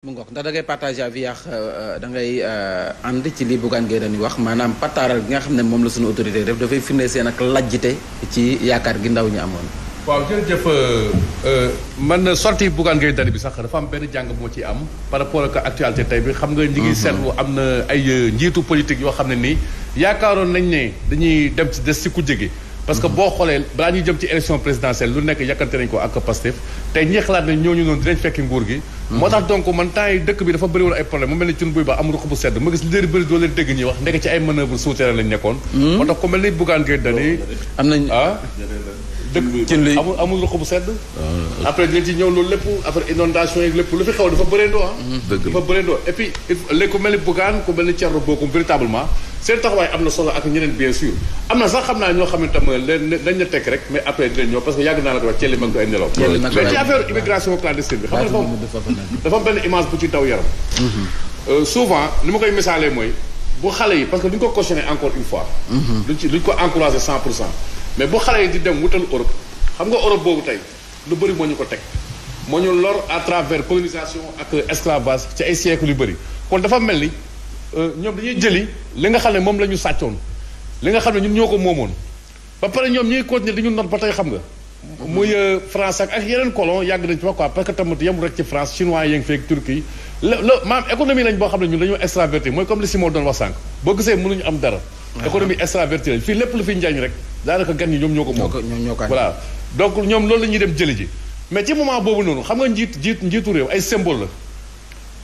mu ngoog ndax da ngay partagé avis yaax euh, euh, da ngay euh, ànd ci lii Bougane Gueye dañuy wax maanaam pataaral gi nga xam ne moom la suñu autorité def dafay firnde seen ak lajjite ci yaakaar gi ndaw ñi amoon waaw jërëjëf man sorti Bougane Gueye Dany bi sax dafa am benn jàng moo ci am par rapport ak actualité tey bi xam nga ñi ngi mhm. seetlu am na ay njiitu politique yoo xam ne nii yaakaaroon nañ ne dañuy dem ci des si ku jege parce que boo xolee balaa ñuy jëm ci élection présidentielle lu nekk yàkkante nañu ko ak Pastef tey ñi xalaat ne ñooñu noonu dinañ fekki nguur gi moo tax donc man temps yi dëkk bi dafa bëri woon ay problème mu mel ni cun buy ba am ruq bu sedd doo leen dégg ñuy wax nekk ci ay manœuvre souterraine lañ nekkoon hmm? moo tax ku mel ni Bougane Gueye Dany ah amul amul ruq bu sedd ah. après dinañ ci ñëw loolu lépp après inondation yi lépp lu fi xew dafa bëreendoo ah dafa bëreendoo et puis il ku mel ni Bougane ku mel ni Thierno Bocoum seen taxawaay am na solo ak ñeneen bien sûr am na sax xam naa ñoo xamante ne dañ la tekk rek mais après dinañ ñëw parce que yàgg naa la ko wax bi xam nga dafa am benn image bu ci daw yaram mhm. euh, souvent ni ma koy misaalee mooy bu xale yi parce que duñ ko cautionné encore une fois mhm. duñ ci duñ ko encouragé cent pour cent mais bu xale yi di dem wutal Europe xam nga Europe boobu tey lu bëri moo ñu ko teg moo ñu lor à travers colonisation ak esclavage ci ay siècle yu kon dafa mel ni Euh, ñoom dañuy jëli li nga xam ne moom la ñu sàccoon li nga xam ne ñun ñoo ko moomoon ba pare ñoom ñuy continuer di ba tey xam nga muy euh, France ak ak yeneen colon yàgg nañ ci quoi parce que tamit yemul rek ci France chinois yi ngi feeg Turquie la la maam économie am dara économie extraverti fii lépp lu fi njaañ rek daanaka gan ñi ñoom ñoo ko moom voilà donc ñoom loolu la ñuy dem jëli ji mais ci moment boobu noonu xam nga njiit njiit njiitu réew ay symbole la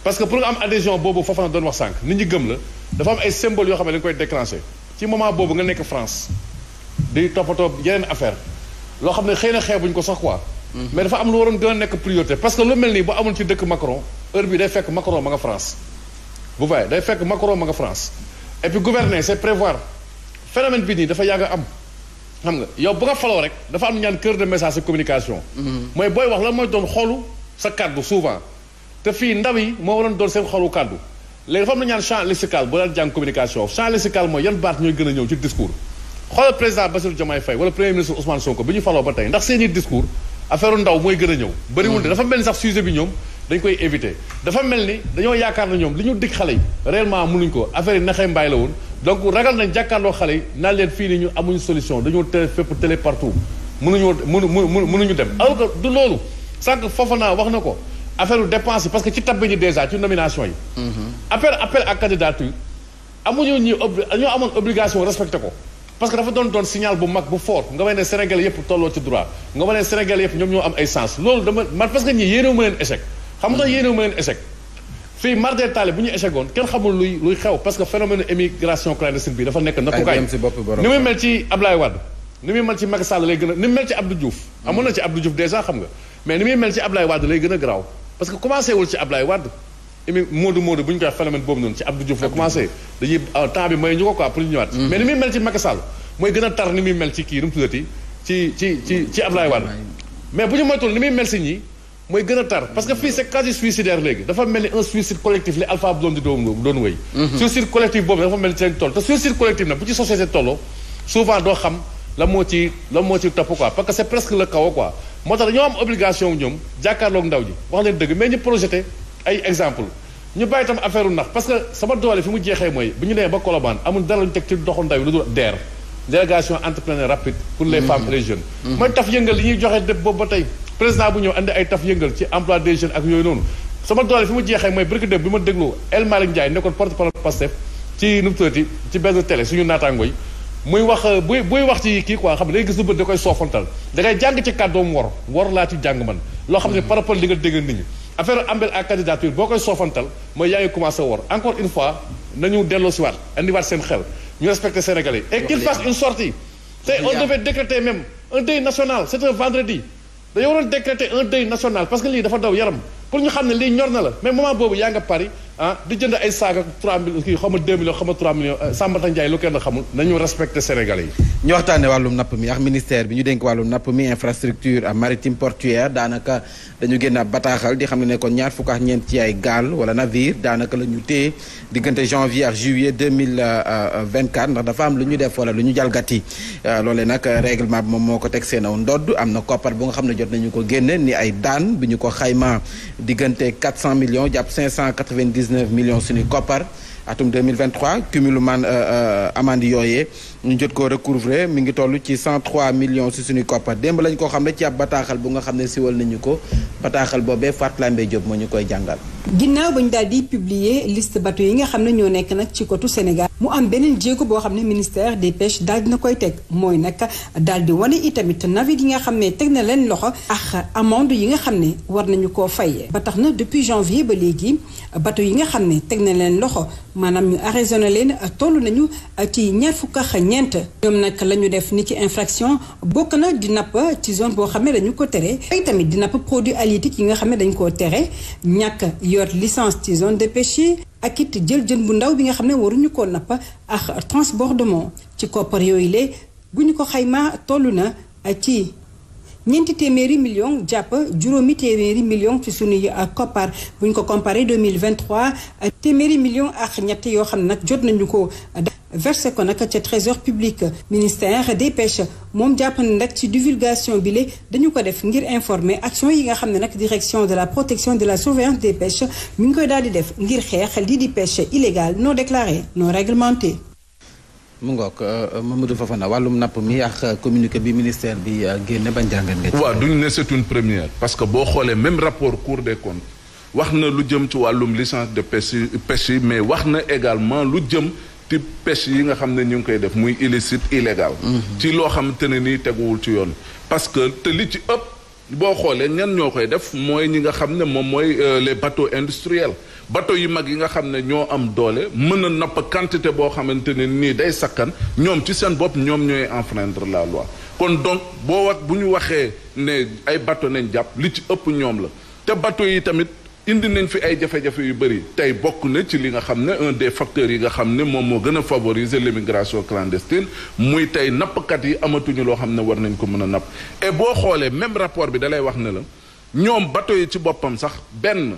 parce que pour nga am adhésion boobu foofu na doon wax sànq nit ñi gëm la dafa am ay symbole yoo xam ne dañu koy déclenché ci moment boobu nga nekk France di toppatoo yeneen affaire loo xam ne xëy na xeebuñ ko sax quoi mhm. mais dafa am lu waroon gën a nekk priorité parce que lu mel nii bu amul ci dëkk Macron heure bi day fekk Macron ma nga France day fekk Macron ma nga France et puis c'est prévoir phénomène bi nii dafa yàgg am xam nga yow bu nga faloo rek dafa am ñaan cœur de message communication mhm. mooy booy wax lan mooy doon sa kàddu souvent te fii ndaw yi moo waroon doon seen xolu kàddu léegi fam na ñaan champ lexical boo daan jàng communication champ lexical mooy yan baat ñooy gën a ñëw ci discours xoolal président Bassirou Diomaye Faye wala premier ministre Ousmane Sonko bi ñu faloo ba tey ndax seeni discours affaire ndaw mooy gën a ñëw bëriwul de dafa mel ni sax sujet bi ñoom dañ koy éviter dafa mel ni dañoo yaakaar na ñoom li ñu dig xale yi réellement mënuñ ko affaire yi naxee mbaay la woon donc ragal nañ jàkkaarloo xale yi naan leen fii ni ñu amuñ solution dañoo télé fépp télé partout mënuñu mënu mënuñu dem alors que du loolu sànq foofa naa wax na ko affaire u dépense yi parce que ci tab bi ñu déjà ci nomination yi. Mm-hmm. appel appel à candidature amuñu ñu obli ñoo amoon obligation respecté ko. parce que dafa doon doon signal bu mag bu fort nga may ne Sénégal yëpp tolloo ci droit nga may ne Sénégal yëpp ñoom ñoo am ay sens loolu dama man parce que ñii yéenewu ma leen échec. xam nga yéenewu bu ñu échec woon kenn xamul luy luy xew parce que ni muy mel ci Abdoulaye Wade ni muy mel ci Macky Sall lay gën a ni mel ci Abdou Diouf mm-hmm. amoon na ci Abdou Diouf déjà xam nga mais ni muy mel parce que commencé wul ci Ablaye Wade émi Moodu Moodu bu ñu koy phénomène boobu noonu ci Abdou Diouf la commencé dañuy ah, temps bi may ñu ko quoi pour ñu ñëwaat. Mm-hmm. ni muy mel ci Macky Sall gën a tar ni muy mel ci kii nu mu tuddati ci ci ci ci Ablaye Wade mais bu ñu moytuwul ni muy mel si ñii mooy gën a tar parce que fii c'est quasi suicidaire léegi dafa mel ni un suicide collectif li Alpha Blondy di doon doon wéy. Mm-hmm. suicide collectif boobu dafa mel ni seen la moo ci la moo ci topp quoi parce que c'est presque le chaos quoi moo tax dañoo am obligation ñoom jàkkaarloog ndaw ji wax leen dëgg mais ñu projeté ay exemple ñu bàyyi tam affaire u nax parce que sama doole fi mu jeexee mooy bu ñu nee ba Colobane amul dara lu ñu teg ci doxu ndaw yi lu dul DER délégation entrepreneur rapide pour les mm-hmm. femmes et les jeunes mm-hmm. mooy taf yëngal yi ñuy joxe dëpp boobu tey président bu ñëw andi ay taf yëngal ci emploi des jeunes ak yooyu noonu sama doole fi mu jeexee mooy bërki dëpp bi ma déglu El Malick Ndiaye nekkoon porte-parole Pastef ci nu mu tuddati ci benn suñu naataangoo muy wax euh, buy buy wax ci kii quoi xam ne day gis lu bët da koy soofantal dangay ngay jàng ci kàddoom wor wor laa ci jàng man loo xam ne mhm. par rapport li nga dégg nit ñi affaire ambel à candidature boo koy soofantal mooy yaa ngi commencé wor encore une fois nañu delloo si waat andiwaat seen xel ñu respecté sénégalais et qu'il fasse une sortie tey on devait décréter même un deuil national c'est un vendredi dañoo waroon décréter un deuil national parce que lii dafa daw yaram pour ñu xam ne lii ñor na la mais moment boobu yaa nga ah di jënd ay saag ak millions kii xaw ma 2 millions xaw ma 3 millions eh, Sambata Ndiaye lu kenn xamul nañu respecté Sénégalais yi. ñu waxtaanee wàllum napp mi ak ministère bi ñu dénk wàllum napp mi infrastructure maritime portuaire daanaka dañu génn ab bataaxal di xam ne kon ñaar fukk ak ñeent ci ay gaal wala navire daanaka la ñu téye diggante janvier ak juillet 2024 euh, ndax dafa am lu ñu def wala lu ñu jalgati euh, loolee nag règlement bi moom moo ko teg seen aw ndodd am na koppar bu nga xam ne jot nañu ko génne ni ay daan bi ñu ko xayma diggante 400 millions jàpp 590. 119 millions suñu koppar atum 2023 cumulu man amande yooyee ñu jot koo recouvrer mi ngi toll ci 103 millions si suñu koppar démb lañ koo xam ne ci ab bataaxal bu nga xam ne siwal nañu ko bataaxal boobee Fatou Lambé Diop moo ñu koy jàngal. ginnaaw ba ñu daal di publier liste bateau yi nga xam ne ñoo nekk nag ci kotu Sénégal. mu am beneen jéego boo xam ne ministère des pêches daal na koy teg mooy nag daal di wane itamit navire yi nga xam ne teg na leen loxo ak amende yi nga xam ne war nañu koo fay. ba tax na depuis janvier ba léegi nga xam ne teg na leen loxo maanaam ñu arraisonné leen toll nañu ak ci ñaar fukk ñeent ñoom nag la ñu def ni ci infraction bokk na di napp ci zone boo xam ne dañu ko tere ay tamit di napp produit halieutique yi nga xam ne dañu koo tere ñàkk yor licence ci zone de pêche ak it jël jën bu ndaw bi nga xam ne waruñu koo napp ak transbordement ci koppar yooyu le bu ñu ko xayma tollu na ak ci ñeenti téeméeri million jàpp juróomi téeméeri million ci sunuy euh, koppar buñ ko comparé 2023 euh, téeméeri million ak ñett yoo xam ne nag jot nañu ko euh, versé ko nag ca trésor public ministère des pêche moom jàpp na nag ci divulgation bi dañu ko def ngir informer action yi nga xam ne nag direction de la protection de la surveillance des pêches mi ngi koy daal di def ngir xeex lii di pêche illégale non déclarée non réglementée mu ngoog euh, euh, Mamadou Fofana wàllum napp mi ak euh, communiqué bi ministère bi génne bañ jàngat nga ci. waaw duñ ne c'est première parce que boo xoolee même rapport Cour des comptes wax na lu jëm ci wàllum licence de pêche pêche yi mais wax na également lu jëm ci pes yi nga xam ne ñu ngi koy def muy illicite illégal. Mm-hmm. ci loo xamante ne nii teguwul ci yoon. parce que te li ci ëpp. boo xoolee ñan ñoo koy def mooy ñi nga xam ne moom mooy euh, les bateaux industriels bateaux yu mag yi nga xam ne ñoo am doole mën a napp quantité boo xamante ne nii day sakkan ñoom ci seen bopp ñoom ñooy enfreindre la loi kon donc boo wax bu ñu waxee ne ay bateaux nañ jàpp li ci ëpp ñoom la te bateaux yi tamit. indi nañ fi ay jafe-jafe yu bëri tey bokk na ci li nga xam ne un des facteurs yi nga xam ne moom moo gën a favoriser l' immigration clandestine muy tey nappkat yi amatuñu loo xam ne war nañ ko mën a napp et boo xoolee même rapport bi dalay wax ne la ñoom bateau yi ci boppam sax benn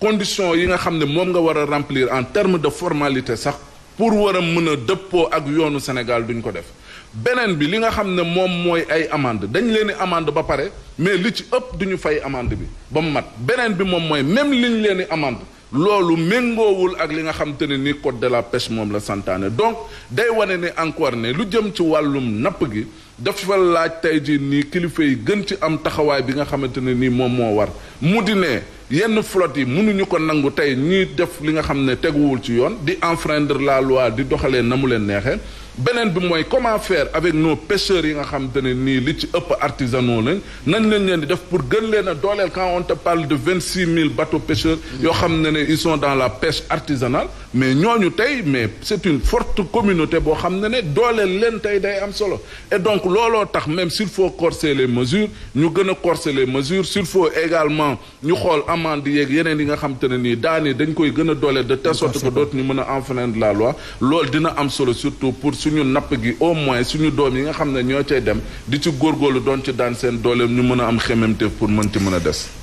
condition yi nga xam ne moom nga war a remplir en terme de formalité sax pour war a mën a dëppoo ak yoonu Sénégal duñ ko def beneen bi li nga xam ne moom mooy ay amende dañ leen i amende ba pare mais li ci ëpp du ñu fay amande bi ba mu mat beneen bi moom mooy même liñ leen i amende loolu méngoowul ak li nga xam te ne ni code de la pêche moom la santaane donc day wane ne encore ne lu jëm ci wàllum napp gi dafa laaj tey jii nii kilifa yi gën ci am taxawaay bi nga xamante ne nii moom moo war mu di ne yenn flotte yi mënuñu ko nangu tey ñiy def li nga xam ne teguwul ci yoon di enfreindre la loi di doxalee na mu leen neexee beneen bi mooy comment faire avec nos pêcheurs yi nga xam te ne nii li ci ëpp artisanaux lañ nañ leen di def pour gën leen a dooleel quand on te parle de vingt six mille bateaux pêcheurs yoo xam ne ne ils sont dans la pêche artisanale mais ñooñu tey mais c'est une forte communauté boo xam ne ne dooleel leen tey day am solo et donc looloo tax même s'il faut corser les mesures ñu gën a corser les mesures s'il également ñu xool amande yeeg yeneen yi nga xam te ne nii daani dañ koy gën a dooleel de telle sorte dootu ñu mën a enfreindre la loi suñu napp gi au moins suñu doom yi nga xam ne ñoo cee dem di ci góorgóorlu doon ci daan seen dooleem ñu mën a am xememteef pour mën ci mën a des